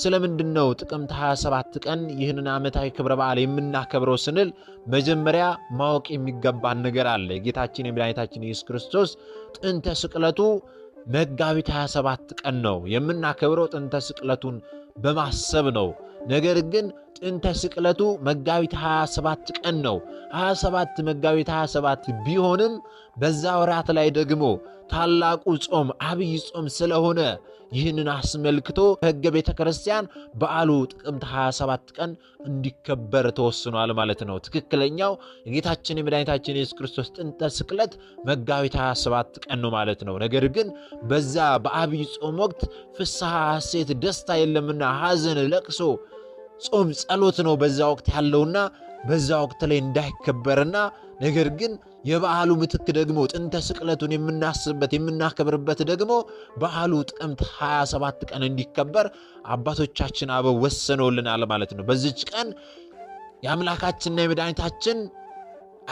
ስለምንድን ነው ጥቅምት 27 ቀን ይህንን ዓመታዊ ክብረ በዓል የምናከብረው ስንል መጀመሪያ ማወቅ የሚገባን ነገር አለ። የጌታችን የመድኃኒታችን ኢየሱስ ክርስቶስ ጥንተ ስቅለቱ መጋቢት 27 ቀን ነው የምናከብረው። ጥንተ ስቅለቱን በማሰብ ነው። ነገር ግን ጥንተ ስቅለቱ መጋቢት 27 ቀን ነው። 27 መጋቢት 27 ቢሆንም በዛ ወራት ላይ ደግሞ ታላቁ ጾም አብይ ጾም ስለሆነ ይህንን አስመልክቶ በሕገ ቤተ ክርስቲያን በዓሉ ጥቅምት 27 ቀን እንዲከበር ተወስኗል ማለት ነው። ትክክለኛው የጌታችን የመድኃኒታችን የሱስ ክርስቶስ ጥንተ ስቅለት መጋቢት 27 ቀን ነው ማለት ነው። ነገር ግን በዛ በአብይ ጾም ወቅት ፍስሐ፣ ሐሴት፣ ደስታ የለምና ሐዘን፣ ለቅሶ፣ ጾም፣ ጸሎት ነው በዛ ወቅት ያለውና በዛ ወቅት ላይ እንዳይከበርና ነገር ግን የበዓሉ ምትክ ደግሞ ጥንተ ስቅለቱን የምናስብበት የምናከብርበት ደግሞ በዓሉ ጥቅምት 27 ቀን እንዲከበር አባቶቻችን አበው ወሰነውልናል ማለት ነው። በዚች ቀን የአምላካችንና የመድኃኒታችን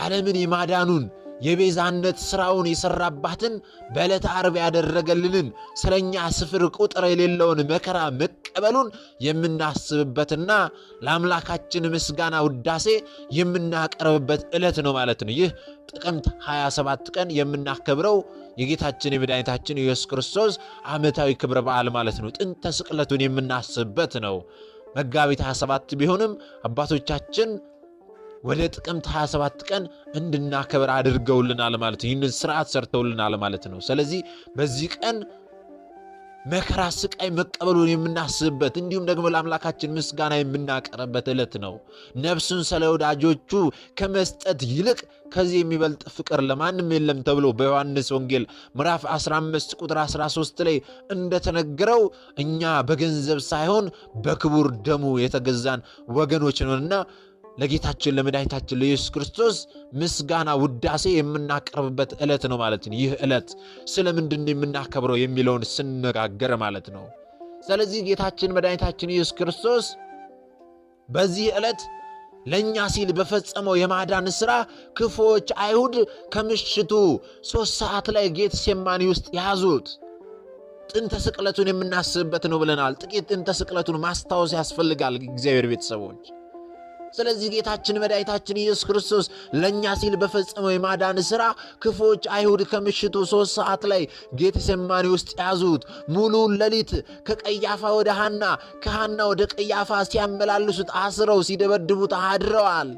ዓለምን የማዳኑን የቤዛነት ሥራውን የሠራባትን በዕለተ ዓርብ ያደረገልንን ስለ እኛ ስፍር ቁጥር የሌለውን መከራ መቀበሉን የምናስብበትና ለአምላካችን ምስጋና ውዳሴ የምናቀርብበት ዕለት ነው ማለት ነው። ይህ ጥቅምት 27 ቀን የምናከብረው የጌታችን የመድኃኒታችን ኢየሱስ ክርስቶስ ዓመታዊ ክብረ በዓል ማለት ነው። ጥንተ ስቅለቱን የምናስብበት ነው። መጋቢት 27 ቢሆንም አባቶቻችን ወደ ጥቅምት 27 ቀን እንድናከብር አድርገውልናል ማለት ነው። ይህንን ስርዓት ሰርተውልናል ማለት ነው። ስለዚህ በዚህ ቀን መከራ፣ ስቃይ መቀበሉን የምናስብበት እንዲሁም ደግሞ ለአምላካችን ምስጋና የምናቀርበት ዕለት ነው። ነፍሱን ስለ ወዳጆቹ ከመስጠት ይልቅ ከዚህ የሚበልጥ ፍቅር ለማንም የለም ተብሎ በዮሐንስ ወንጌል ምዕራፍ 15 ቁጥር 13 ላይ እንደተነገረው እኛ በገንዘብ ሳይሆን በክቡር ደሙ የተገዛን ወገኖች ነንና ለጌታችን ለመድኃኒታችን ለኢየሱስ ክርስቶስ ምስጋና ውዳሴ የምናቀርብበት ዕለት ነው ማለት ነው። ይህ ዕለት ስለ ምንድን የምናከብረው የሚለውን ስንነጋገር ማለት ነው። ስለዚህ ጌታችን መድኃኒታችን ኢየሱስ ክርስቶስ በዚህ ዕለት ለእኛ ሲል በፈጸመው የማዳን ሥራ ክፉዎች አይሁድ ከምሽቱ ሦስት ሰዓት ላይ ጌት ሴማኒ ውስጥ ያዙት። ጥንተ ስቅለቱን የምናስብበት ነው ብለናል። ጥቂት ጥንተ ስቅለቱን ማስታወስ ያስፈልጋል። እግዚአብሔር ቤተሰቦች ስለዚህ ጌታችን መድኃኒታችን ኢየሱስ ክርስቶስ ለእኛ ሲል በፈጸመው የማዳን ሥራ ክፎች አይሁድ ከምሽቱ ሦስት ሰዓት ላይ ጌተሴማኒ ውስጥ ያዙት። ሙሉውን ሌሊት ከቀያፋ ወደ ሐና ከሐና ወደ ቀያፋ ሲያመላልሱት አስረው ሲደበድቡት አድረዋል።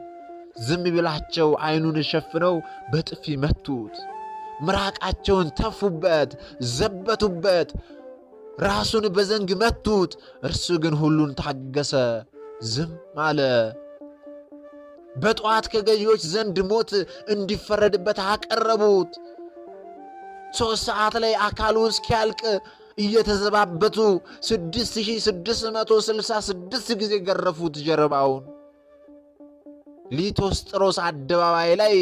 ዝም ቢላቸው ዐይኑን ሸፍነው በጥፊ መቱት። ምራቃቸውን ተፉበት፣ ዘበቱበት። ራሱን በዘንግ መቱት። እርሱ ግን ሁሉን ታገሰ፣ ዝም አለ። በጠዋት ከገዢዎች ዘንድ ሞት እንዲፈረድበት አቀረቡት። ሦስት ሰዓት ላይ አካሉ እስኪያልቅ እየተዘባበቱ 6666 ጊዜ ገረፉት ጀርባውን። ሊቶስጥሮስ አደባባይ ላይ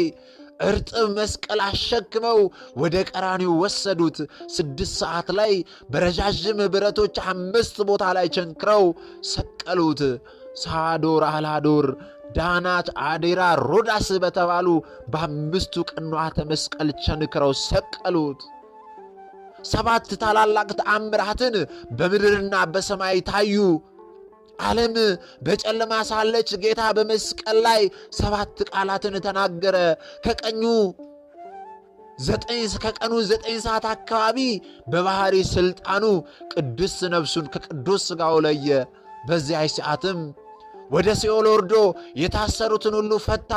እርጥብ መስቀል አሸክመው ወደ ቀራኒው ወሰዱት። ስድስት ሰዓት ላይ በረዣዥም ብረቶች አምስት ቦታ ላይ ቸንክረው ሰቀሉት። ሳዶር አላዶር ዳናት፣ አዴራ፣ ሮዳስ በተባሉ በአምስቱ ቅንዋተ መስቀል ቸንክረው ሰቀሉት። ሰባት ታላላቅ ተአምራትን በምድርና በሰማይ ታዩ። ዓለም በጨለማ ሳለች ጌታ በመስቀል ላይ ሰባት ቃላትን ተናገረ። ከቀኙ ዘጠኝ ከቀኑ ዘጠኝ ሰዓት አካባቢ በባሕሪ ሥልጣኑ ቅዱስ ነፍሱን ከቅዱስ ሥጋው ለየ። በዚያች ሰዓትም ወደ ሲኦል ወርዶ የታሰሩትን ሁሉ ፈታ።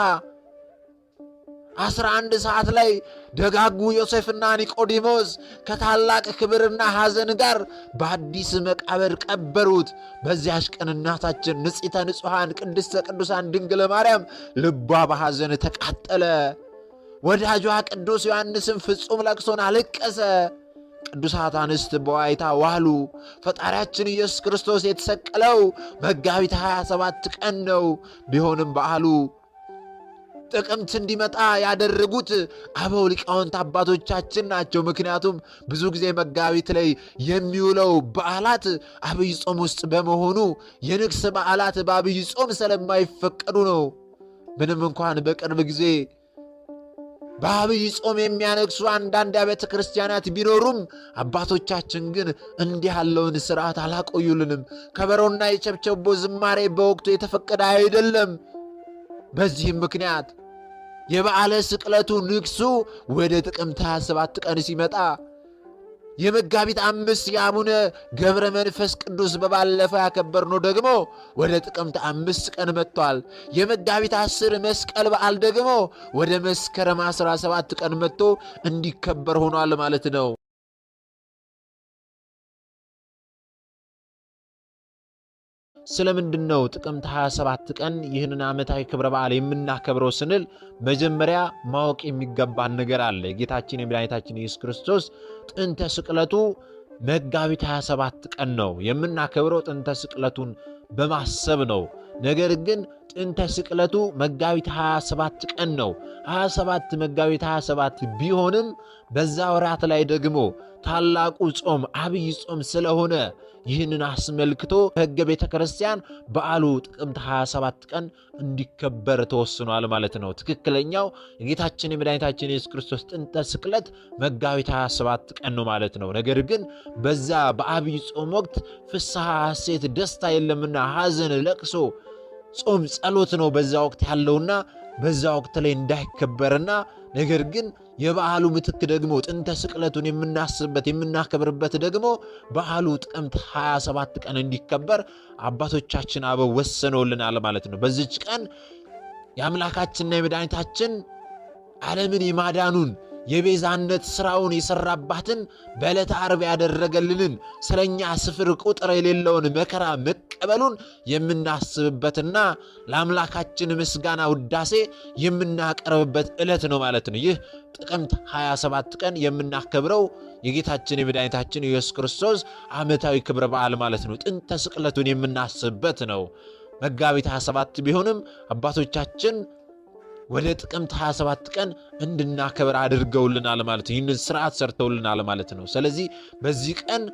አስራ አንድ ሰዓት ላይ ደጋጉ ዮሴፍና ኒቆዲሞስ ከታላቅ ክብርና ሐዘን ጋር በአዲስ መቃብር ቀበሩት። በዚያች ቀን እናታችን ንጽተ ንጹሐን ቅድስተ ቅዱሳን ድንግለ ማርያም ልቧ በሐዘን ተቃጠለ። ወዳጇ ቅዱስ ዮሐንስም ፍጹም ለቅሶን አለቀሰ። ቅዱሳት አንስት በዋይታ ዋሉ። ፈጣሪያችን ኢየሱስ ክርስቶስ የተሰቀለው መጋቢት 27 ቀን ነው። ቢሆንም በዓሉ ጥቅምት እንዲመጣ ያደረጉት አበው ሊቃውንት አባቶቻችን ናቸው። ምክንያቱም ብዙ ጊዜ መጋቢት ላይ የሚውለው በዓላት አብይ ጾም ውስጥ በመሆኑ የንግስ በዓላት በአብይ ጾም ስለማይፈቀዱ ነው። ምንም እንኳን በቅርብ ጊዜ በአብይ ጾም የሚያነግሱ አንዳንድ አብያተ ክርስቲያናት ቢኖሩም አባቶቻችን ግን እንዲህ ያለውን ስርዓት አላቆዩልንም። ከበሮና የቸብቸቦ ዝማሬ በወቅቱ የተፈቀደ አይደለም። በዚህም ምክንያት የበዓለ ስቅለቱ ንግሱ ወደ ጥቅምት 27 ቀን ሲመጣ የመጋቢት አምስት የአቡነ ገብረ መንፈስ ቅዱስ በባለፈው ያከበርነው ደግሞ ወደ ጥቅምት አምስት ቀን መጥቷል። የመጋቢት አስር መስቀል በዓል ደግሞ ወደ መስከረም አስራ ሰባት ቀን መጥቶ እንዲከበር ሆኗል ማለት ነው። ስለምንድን ነው ጥቅምት 27 ቀን ይህንን ዓመታዊ ክብረ በዓል የምናከብረው ስንል መጀመሪያ ማወቅ የሚገባን ነገር አለ። የጌታችን የመድኃኒታችን ኢየሱስ ክርስቶስ ጥንተ ስቅለቱ መጋቢት 27 ቀን ነው የምናከብረው። ጥንተ ስቅለቱን በማሰብ ነው። ነገር ግን ጥንተ ስቅለቱ መጋቢት 27 ቀን ነው። 27 መጋቢት 27 ቢሆንም በዛ ወራት ላይ ደግሞ ታላቁ ጾም አብይ ጾም ስለሆነ ይህንን አስመልክቶ በሕገ ቤተ ክርስቲያን በዓሉ ጥቅምት 27 ቀን እንዲከበር ተወስኗል ማለት ነው። ትክክለኛው የጌታችን የመድኃኒታችን የሱስ ክርስቶስ ጥንተ ስቅለት መጋቢት 27 ቀን ነው ማለት ነው። ነገር ግን በዛ በአብይ ጾም ወቅት ፍስሐ፣ ሐሴት፣ ደስታ የለምና ሐዘን፣ ለቅሶ፣ ጾም፣ ጸሎት ነው በዛ ወቅት ያለውና በዛ ወቅት ላይ እንዳይከበርና ነገር ግን የበዓሉ ምትክ ደግሞ ጥንተ ስቅለቱን የምናስብበት የምናከብርበት ደግሞ በዓሉ ጥቅምት 27 ቀን እንዲከበር አባቶቻችን አበው ወሰነውልናል ማለት ነው። በዚች ቀን የአምላካችንና የመድኃኒታችን ዓለምን የማዳኑን የቤዛነት ሥራውን የሠራባትን በዕለተ ዓርብ ያደረገልንን ስለኛ ስፍር ቁጥር የሌለውን መከራ መቀበሉን የምናስብበትና ለአምላካችን ምስጋና ውዳሴ የምናቀርብበት ዕለት ነው ማለት ነው። ይህ ጥቅምት 27 ቀን የምናከብረው የጌታችን የመድኃኒታችን ኢየሱስ ክርስቶስ ዓመታዊ ክብረ በዓል ማለት ነው። ጥንተ ስቅለቱን የምናስብበት ነው። መጋቢት 27 ቢሆንም አባቶቻችን ወደ ጥቅምት 27 ቀን እንድናከብር አድርገውልናል ማለት ነው። ይህንን ስርዓት ሰርተውልናል ማለት ነው። ስለዚህ በዚህ ቀን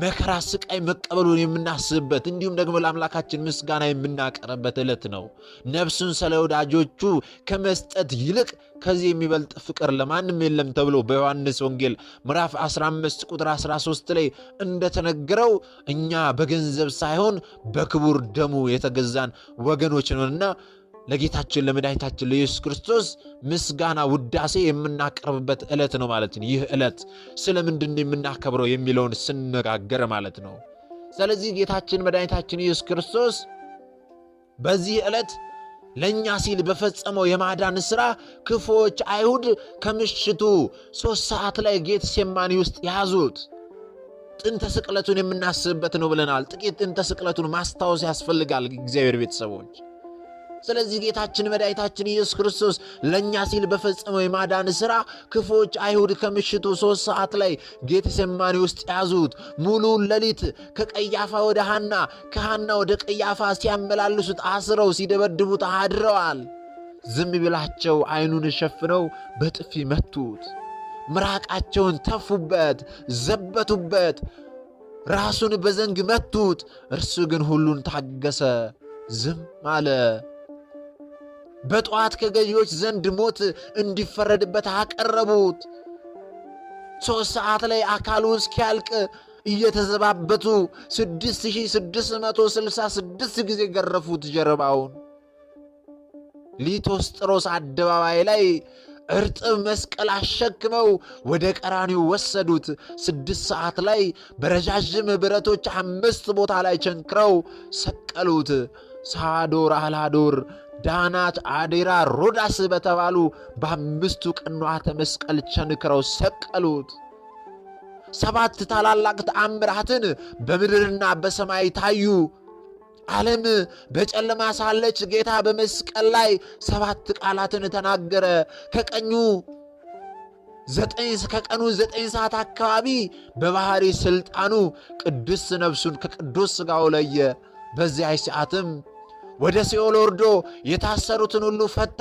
መከራ፣ ስቃይ መቀበሉን የምናስብበት እንዲሁም ደግሞ ለአምላካችን ምስጋና የምናቀርበት ዕለት ነው። ነፍሱን ስለ ወዳጆቹ ከመስጠት ይልቅ ከዚህ የሚበልጥ ፍቅር ለማንም የለም ተብሎ በዮሐንስ ወንጌል ምዕራፍ 15 ቁጥር 13 ላይ እንደተነገረው እኛ በገንዘብ ሳይሆን በክቡር ደሙ የተገዛን ወገኖች ነንና ለጌታችን ለመድኃኒታችን ለኢየሱስ ክርስቶስ ምስጋና ውዳሴ የምናቀርብበት ዕለት ነው ማለት ነው። ይህ ዕለት ስለምንድን የምናከብረው የሚለውን ስንነጋገር ማለት ነው። ስለዚህ ጌታችን መድኃኒታችን ኢየሱስ ክርስቶስ በዚህ ዕለት ለእኛ ሲል በፈጸመው የማዳን ሥራ ክፉዎች አይሁድ ከምሽቱ ሦስት ሰዓት ላይ ጌት ሴማኒ ውስጥ ያዙት። ጥንተ ስቅለቱን የምናስብበት ነው ብለናል። ጥቂት ጥንተ ስቅለቱን ማስታወስ ያስፈልጋል። እግዚአብሔር ቤተሰቦች ስለዚህ ጌታችን መድኃኒታችን ኢየሱስ ክርስቶስ ለእኛ ሲል በፈጸመው የማዳን ሥራ ክፎች አይሁድ ከምሽቱ ሦስት ሰዓት ላይ ጌቴሴማኒ ውስጥ ያዙት። ሙሉውን ሌሊት ከቀያፋ ወደ ሐና ከሐና ወደ ቀያፋ ሲያመላልሱት አስረው ሲደበድቡት አድረዋል። ዝም ቢላቸው ዐይኑን ሸፍነው በጥፊ መቱት። ምራቃቸውን ተፉበት፣ ዘበቱበት። ራሱን በዘንግ መቱት። እርሱ ግን ሁሉን ታገሰ፣ ዝም አለ። በጠዋት ከገዢዎች ዘንድ ሞት እንዲፈረድበት አቀረቡት። ሦስት ሰዓት ላይ አካሉ እስኪያልቅ እየተዘባበቱ 6666 ጊዜ ገረፉት ጀርባውን። ሊቶስጥሮስ አደባባይ ላይ እርጥብ መስቀል አሸክመው ወደ ቀራኒው ወሰዱት። ስድስት ሰዓት ላይ በረዣዥም ብረቶች አምስት ቦታ ላይ ቸንክረው ሰቀሉት። ሳዶር አላዶር ዳናት፣ አዴራ፣ ሮዳስ በተባሉ በአምስቱ ቅንዋተ መስቀል ቸንክረው ሰቀሉት። ሰባት ታላላቅ ተአምራትን በምድርና በሰማይ ታዩ። ዓለም በጨለማ ሳለች ጌታ በመስቀል ላይ ሰባት ቃላትን ተናገረ። ከቀኙ ከቀኑ ዘጠኝ ሰዓት አካባቢ በባሕሪ ሥልጣኑ ቅዱስ ነፍሱን ከቅዱስ ሥጋው ለየ። በዚያች ሰዓትም ወደ ሲኦል ወርዶ የታሰሩትን ሁሉ ፈታ።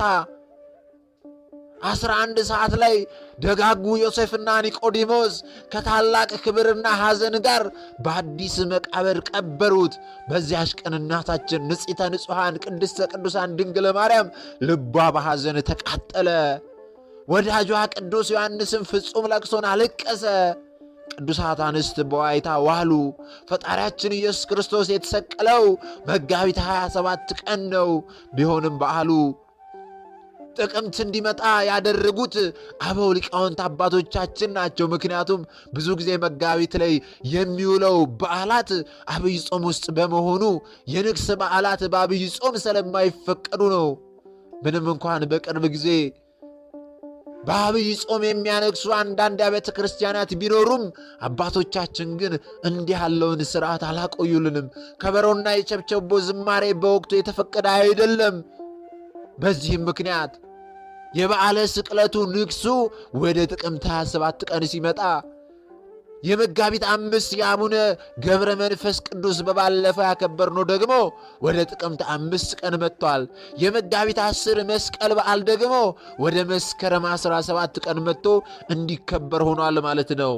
አስራ አንድ ሰዓት ላይ ደጋጉ ዮሴፍና ኒቆዲሞስ ከታላቅ ክብርና ሐዘን ጋር በአዲስ መቃብር ቀበሩት። በዚያች ቀን እናታችን ንጽተ ንጹሐን ቅድስተ ቅዱሳን ድንግለ ማርያም ልቧ በሐዘን ተቃጠለ። ወዳጇ ቅዱስ ዮሐንስም ፍጹም ለቅሶን አለቀሰ። ቅዱሳት አንስት በዋይታ ዋሉ። ፈጣሪያችን ኢየሱስ ክርስቶስ የተሰቀለው መጋቢት 27 ቀን ነው። ቢሆንም በዓሉ ጥቅምት እንዲመጣ ያደረጉት አበው ሊቃውንት አባቶቻችን ናቸው። ምክንያቱም ብዙ ጊዜ መጋቢት ላይ የሚውለው በዓላት አብይ ጾም ውስጥ በመሆኑ የንግስ በዓላት በአብይ ጾም ስለማይፈቀዱ ነው። ምንም እንኳን በቅርብ ጊዜ በአብይ ጾም የሚያነግሱ አንዳንድ አብያተ ክርስቲያናት ቢኖሩም አባቶቻችን ግን እንዲህ ያለውን ስርዓት አላቆዩልንም። ከበሮና የቸብቸቦ ዝማሬ በወቅቱ የተፈቀደ አይደለም። በዚህም ምክንያት የበዓለ ስቅለቱ ንግሱ ወደ ጥቅምት 27 ቀን ሲመጣ የመጋቢት አምስት የአቡነ ገብረ መንፈስ ቅዱስ በባለፈው ያከበርነው ደግሞ ወደ ጥቅምት አምስት ቀን መጥቷል። የመጋቢት አስር መስቀል በዓል ደግሞ ወደ መስከረም አስራ ሰባት ቀን መጥቶ እንዲከበር ሆኗል ማለት ነው።